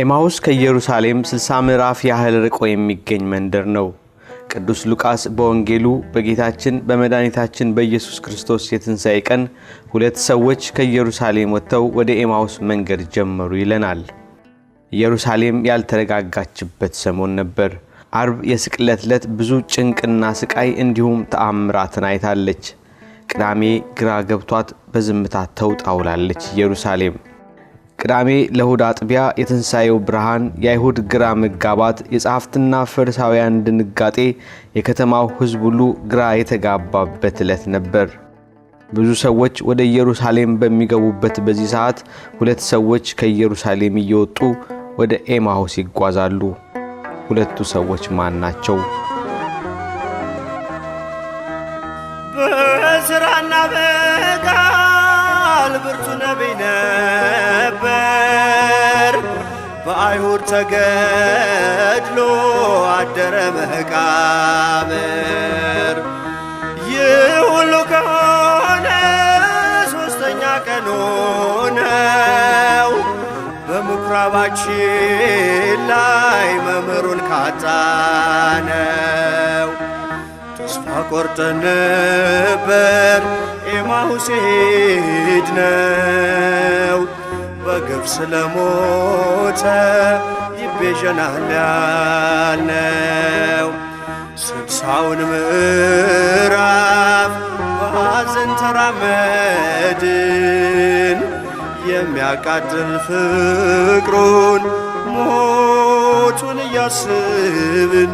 ኤማውስ ከኢየሩሳሌም 60 ምዕራፍ ያህል ርቆ የሚገኝ መንደር ነው። ቅዱስ ሉቃስ በወንጌሉ በጌታችን በመድኃኒታችን በኢየሱስ ክርስቶስ የትንሣኤ ቀን ሁለት ሰዎች ከኢየሩሳሌም ወጥተው ወደ ኤማውስ መንገድ ጀመሩ ይለናል። ኢየሩሳሌም ያልተረጋጋችበት ሰሞን ነበር። አርብ የስቅለት ዕለት ብዙ ጭንቅና ስቃይ እንዲሁም ተአምራትን አይታለች። ቅዳሜ ግራ ገብቷት በዝምታ ተውጣውላለች ኢየሩሳሌም ቅዳሜ ለእሁድ አጥቢያ የትንሣኤው ብርሃን፣ የአይሁድ ግራ መጋባት፣ የጸሐፍትና ፈሪሳውያን ድንጋጤ፣ የከተማው ሕዝብ ሁሉ ግራ የተጋባበት ዕለት ነበር። ብዙ ሰዎች ወደ ኢየሩሳሌም በሚገቡበት በዚህ ሰዓት ሁለት ሰዎች ከኢየሩሳሌም እየወጡ ወደ ኤማሁስ ይጓዛሉ። ሁለቱ ሰዎች ማን ናቸው? አይሁር ተገድሎ አደረ መቃብር። ይህ ሁሉ ከሆነ ሶስተኛ ቀን ሆነው በምኩራባችን ላይ መምህሩን ካጣነው ተስፋ ቆርጠን ነበር ኤማሁስ ነው በግፍ ስለሞተ ይቤዠናል ያልነው ስልሳውን ምዕራፍ በሐዘን ተራመድን የሚያቃጥል ፍቅሩን ሞቱን እያስብን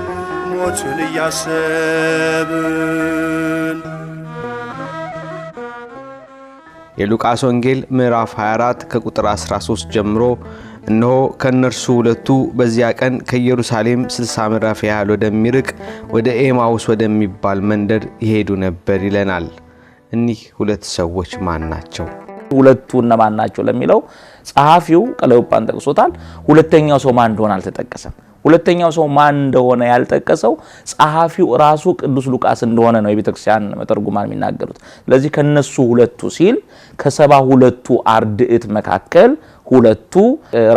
ሞቱን እያስብን የሉቃስ ወንጌል ምዕራፍ 24 ከቁጥር 13 ጀምሮ እነሆ ከእነርሱ ሁለቱ በዚያ ቀን ከኢየሩሳሌም 60 ምዕራፍ ያህል ወደሚርቅ ወደ ኤማውስ ወደሚባል መንደር ይሄዱ ነበር ይለናል። እኒህ ሁለት ሰዎች ማን ናቸው? ሁለቱ እነማን ናቸው ለሚለው ጸሐፊው ቀለዮጳን ጠቅሶታል። ሁለተኛው ሰው ማን እንደሆነ አልተጠቀሰም። ሁለተኛው ሰው ማን እንደሆነ ያልጠቀሰው ጸሐፊው ራሱ ቅዱስ ሉቃስ እንደሆነ ነው የቤተክርስቲያን መተርጉማን የሚናገሩት። ስለዚህ ከነሱ ሁለቱ ሲል ከሰባ ሁለቱ አርድእት መካከል ሁለቱ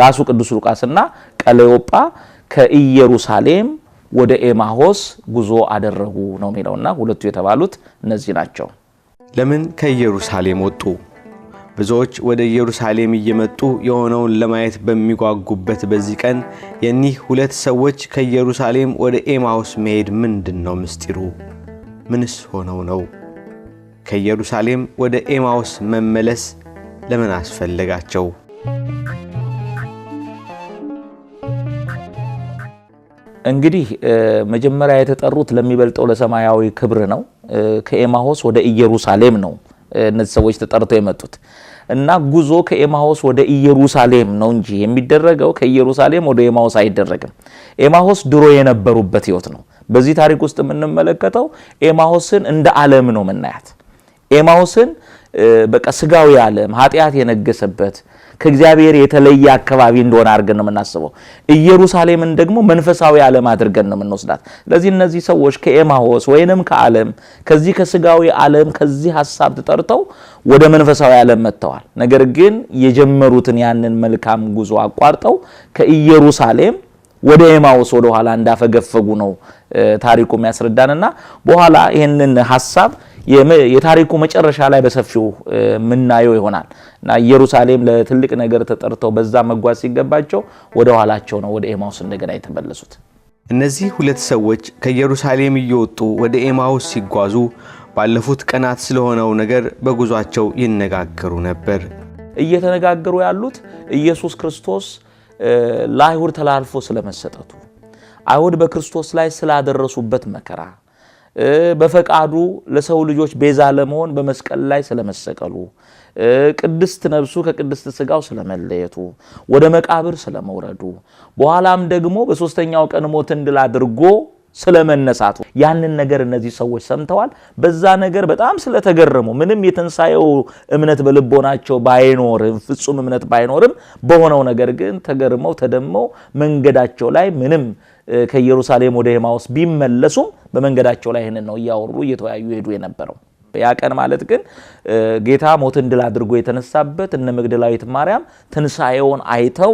ራሱ ቅዱስ ሉቃስና ቀለዮጳ ከኢየሩሳሌም ወደ ኤማሆስ ጉዞ አደረጉ ነው የሚለውና ሁለቱ የተባሉት እነዚህ ናቸው። ለምን ከኢየሩሳሌም ወጡ? ብዙዎች ወደ ኢየሩሳሌም እየመጡ የሆነውን ለማየት በሚጓጉበት በዚህ ቀን የኒህ ሁለት ሰዎች ከኢየሩሳሌም ወደ ኤማውስ መሄድ ምንድን ነው ምስጢሩ? ምንስ ሆነው ነው? ከኢየሩሳሌም ወደ ኤማውስ መመለስ ለምን አስፈለጋቸው? እንግዲህ መጀመሪያ የተጠሩት ለሚበልጠው ለሰማያዊ ክብር ነው። ከኤማሆስ ወደ ኢየሩሳሌም ነው እነዚህ ሰዎች ተጠርተው የመጡት እና ጉዞ ከኤማሆስ ወደ ኢየሩሳሌም ነው እንጂ የሚደረገው ከኢየሩሳሌም ወደ ኤማሆስ አይደረግም። ኤማሆስ ድሮ የነበሩበት ህይወት ነው። በዚህ ታሪክ ውስጥ የምንመለከተው ኤማሆስን እንደ ዓለም ነው የምናያት። ኤማሆስን በቃ ስጋዊ ዓለም ኃጢአት የነገሰበት ከእግዚአብሔር የተለየ አካባቢ እንደሆነ አድርገን ነው የምናስበው። ኢየሩሳሌምን ደግሞ መንፈሳዊ ዓለም አድርገን ነው የምንወስዳት። ስለዚህ እነዚህ ሰዎች ከኤማሆስ ወይንም ከዓለም ከዚህ ከስጋዊ ዓለም ከዚህ ሀሳብ ተጠርተው ወደ መንፈሳዊ ዓለም መጥተዋል። ነገር ግን የጀመሩትን ያንን መልካም ጉዞ አቋርጠው ከኢየሩሳሌም ወደ ኤማውስ ወደ ኋላ እንዳፈገፈጉ ነው ታሪኩ የሚያስረዳንና በኋላ ይህንን ሀሳብ የታሪኩ መጨረሻ ላይ በሰፊው የምናየው ይሆናል እና ኢየሩሳሌም ለትልቅ ነገር ተጠርተው በዛ መጓዝ ሲገባቸው ወደ ኋላቸው ነው ወደ ኤማውስ እንደገና የተመለሱት። እነዚህ ሁለት ሰዎች ከኢየሩሳሌም እየወጡ ወደ ኤማውስ ሲጓዙ ባለፉት ቀናት ስለሆነው ነገር በጉዟቸው ይነጋገሩ ነበር። እየተነጋገሩ ያሉት ኢየሱስ ክርስቶስ ለአይሁድ ተላልፎ ስለመሰጠቱ፣ አይሁድ በክርስቶስ ላይ ስላደረሱበት መከራ በፈቃዱ ለሰው ልጆች ቤዛ ለመሆን በመስቀል ላይ ስለመሰቀሉ ቅድስት ነብሱ ከቅድስት ስጋው ስለመለየቱ ወደ መቃብር ስለመውረዱ በኋላም ደግሞ በሶስተኛው ቀን ሞትን ድል አድርጎ ስለመነሳቱ ያንን ነገር እነዚህ ሰዎች ሰምተዋል። በዛ ነገር በጣም ስለተገረሙ ምንም የትንሣኤው እምነት በልቦናቸው ባይኖርም ፍጹም እምነት ባይኖርም በሆነው ነገር ግን ተገርመው ተደመው መንገዳቸው ላይ ምንም ከኢየሩሳሌም ወደ ኤማውስ ቢመለሱም በመንገዳቸው ላይ ይህንን ነው እያወሩ እየተወያዩ ሄዱ የነበረው። ያ ቀን ማለት ግን ጌታ ሞትን ድል አድርጎ የተነሳበት እነ መግደላዊት ማርያም ትንሣኤውን አይተው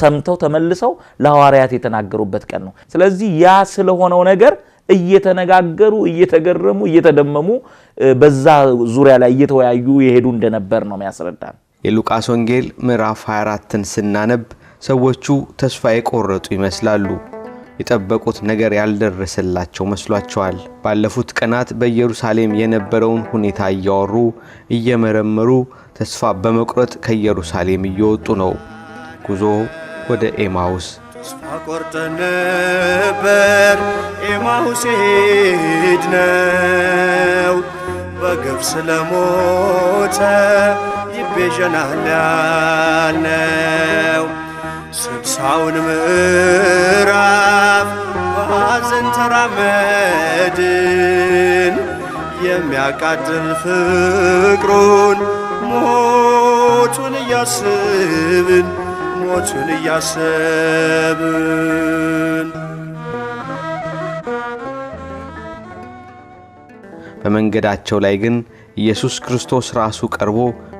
ሰምተው ተመልሰው ለሐዋርያት የተናገሩበት ቀን ነው። ስለዚህ ያ ስለሆነው ነገር እየተነጋገሩ እየተገረሙ እየተደመሙ በዛ ዙሪያ ላይ እየተወያዩ የሄዱ እንደነበር ነው የሚያስረዳን። የሉቃስ ወንጌል ምዕራፍ 24ን ስናነብ ሰዎቹ ተስፋ የቆረጡ ይመስላሉ። የጠበቁት ነገር ያልደረሰላቸው መስሏቸዋል። ባለፉት ቀናት በኢየሩሳሌም የነበረውን ሁኔታ እያወሩ እየመረመሩ ተስፋ በመቁረጥ ከኢየሩሳሌም እየወጡ ነው። ጉዞ ወደ ኤማውስ። ተስፋ ቆርጠን ነበር፣ ኤማውስ ሄድ ነው በግብ ስለሞተ ይቤዠናል ያልነው ስልሳውን ምዕራፍ በሐዘን ተራመድን የሚያቃጥል ፍቅሩን ሞቱን እያስብን ሞቱን እያሰብን በመንገዳቸው ላይ ግን ኢየሱስ ክርስቶስ ራሱ ቀርቦ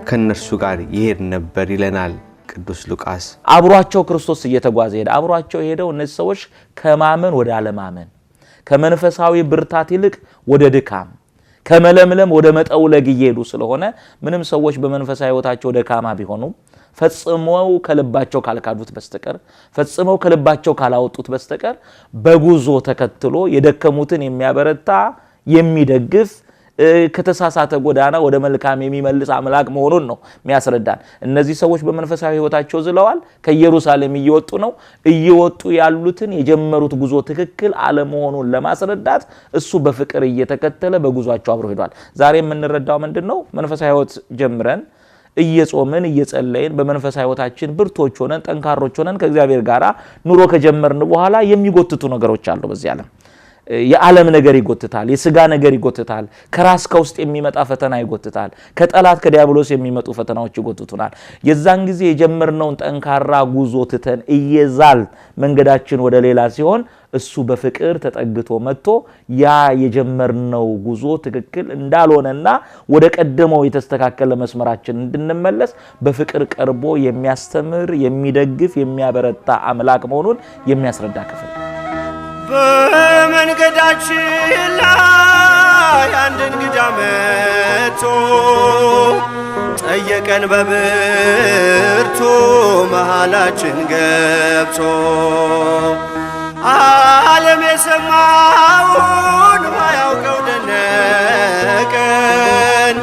ከእነርሱ ጋር ይሄድ ነበር ይለናል። ቅዱስ ሉቃስ አብሯቸው ክርስቶስ እየተጓዘ ሄደ። አብሯቸው የሄደው እነዚህ ሰዎች ከማመን ወደ አለማመን፣ ከመንፈሳዊ ብርታት ይልቅ ወደ ድካም፣ ከመለምለም ወደ መጠውለግ እየሄዱ ስለሆነ ምንም ሰዎች በመንፈሳዊ ሕይወታቸው ደካማ ቢሆኑም ፈጽመው ከልባቸው ካልካዱት በስተቀር ፈጽመው ከልባቸው ካላወጡት በስተቀር በጉዞ ተከትሎ የደከሙትን የሚያበረታ የሚደግፍ ከተሳሳተ ጎዳና ወደ መልካም የሚመልስ አምላክ መሆኑን ነው የሚያስረዳን። እነዚህ ሰዎች በመንፈሳዊ ሕይወታቸው ዝለዋል። ከኢየሩሳሌም እየወጡ ነው። እየወጡ ያሉትን የጀመሩት ጉዞ ትክክል አለመሆኑን ለማስረዳት እሱ በፍቅር እየተከተለ በጉዟቸው አብሮ ሄዷል። ዛሬ የምንረዳው ምንድን ነው? መንፈሳዊ ሕይወት ጀምረን እየጾምን እየጸለይን በመንፈሳዊ ሕይወታችን ብርቶች ሆነን ጠንካሮች ሆነን ከእግዚአብሔር ጋር ኑሮ ከጀመርን በኋላ የሚጎትቱ ነገሮች አሉ በዚህ ዓለም የዓለም ነገር ይጎትታል። የስጋ ነገር ይጎትታል። ከራስ ከውስጥ የሚመጣ ፈተና ይጎትታል። ከጠላት ከዲያብሎስ የሚመጡ ፈተናዎች ይጎትቱናል። የዛን ጊዜ የጀመርነውን ጠንካራ ጉዞ ትተን እየዛል መንገዳችን ወደ ሌላ ሲሆን እሱ በፍቅር ተጠግቶ መጥቶ ያ የጀመርነው ጉዞ ትክክል እንዳልሆነና ወደ ቀደመው የተስተካከለ መስመራችን እንድንመለስ በፍቅር ቀርቦ የሚያስተምር የሚደግፍ፣ የሚያበረታ አምላክ መሆኑን የሚያስረዳ ክፍል በመንገዳችን ላይ አንድ እንግዳ መጥቶ ጠየቀን በብርቱ መሃላችን ገብቶ ዓለም የሰማውን ማያውቀው ደነቀን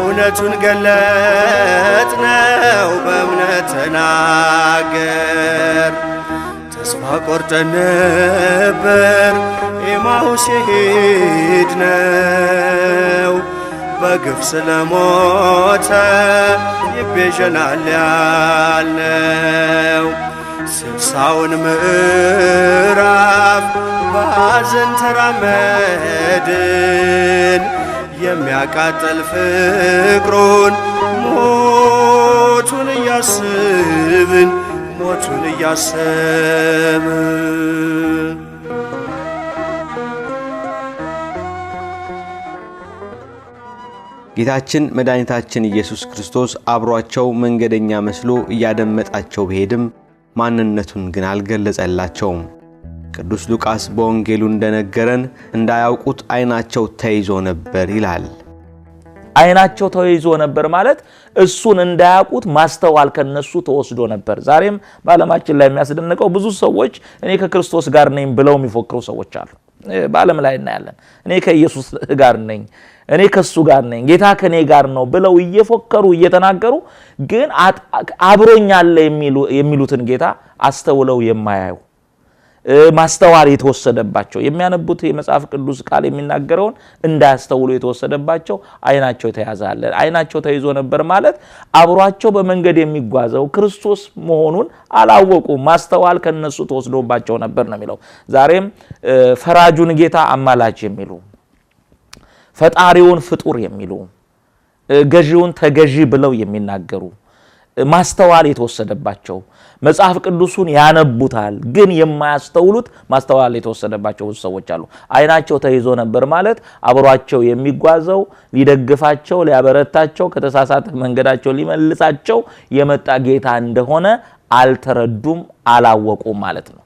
እውነቱን ገለጥነው በእምነት ተናገር አቆርጠን ነበር ኤማሁስ ነው! በግፍ ስለሞተ ይቤዠናል ያለው! ስልሳውን ምዕራፍ ባዘን ተራመድን የሚያቃጥል ፍቅሩን ሞቱን እያስብን ሞትን እያሰም ጌታችን መድኃኒታችን ኢየሱስ ክርስቶስ አብሯቸው መንገደኛ መስሎ እያደመጣቸው ብሄድም ማንነቱን ግን አልገለጸላቸውም። ቅዱስ ሉቃስ በወንጌሉ እንደነገረን እንዳያውቁት ዐይናቸው ተይዞ ነበር ይላል። አይናቸው ተይዞ ነበር ማለት እሱን እንዳያውቁት ማስተዋል ከነሱ ተወስዶ ነበር። ዛሬም በዓለማችን ላይ የሚያስደንቀው ብዙ ሰዎች እኔ ከክርስቶስ ጋር ነኝ ብለው የሚፎክሩ ሰዎች አሉ። በዓለም ላይ እናያለን። እኔ ከኢየሱስ ጋር ነኝ፣ እኔ ከሱ ጋር ነኝ፣ ጌታ ከእኔ ጋር ነው ብለው እየፎከሩ እየተናገሩ ግን አብሮኛለ የሚሉትን ጌታ አስተውለው የማያዩ ማስተዋል የተወሰደባቸው የሚያነቡት የመጽሐፍ ቅዱስ ቃል የሚናገረውን እንዳያስተውሉ የተወሰደባቸው አይናቸው ተያዛለ። አይናቸው ተይዞ ነበር ማለት አብሯቸው በመንገድ የሚጓዘው ክርስቶስ መሆኑን አላወቁም። ማስተዋል ከነሱ ተወስዶባቸው ነበር ነው የሚለው። ዛሬም ፈራጁን ጌታ አማላጅ የሚሉ ፈጣሪውን ፍጡር የሚሉ ገዢውን ተገዢ ብለው የሚናገሩ ማስተዋል የተወሰደባቸው መጽሐፍ ቅዱሱን ያነቡታል፣ ግን የማያስተውሉት ማስተዋል የተወሰደባቸው ብዙ ሰዎች አሉ። አይናቸው ተይዞ ነበር ማለት አብሯቸው የሚጓዘው ሊደግፋቸው፣ ሊያበረታቸው፣ ከተሳሳተ መንገዳቸው ሊመልሳቸው የመጣ ጌታ እንደሆነ አልተረዱም፣ አላወቁም ማለት ነው።